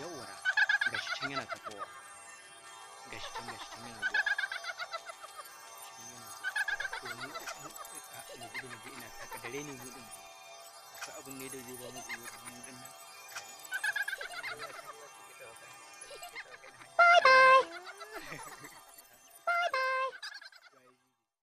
yawara gashi can yana tafowa gashi can gashi can yana zuwa domin eh, eh, eh, na gudu na ina taka dare ne mu din abin ne da zai ba mu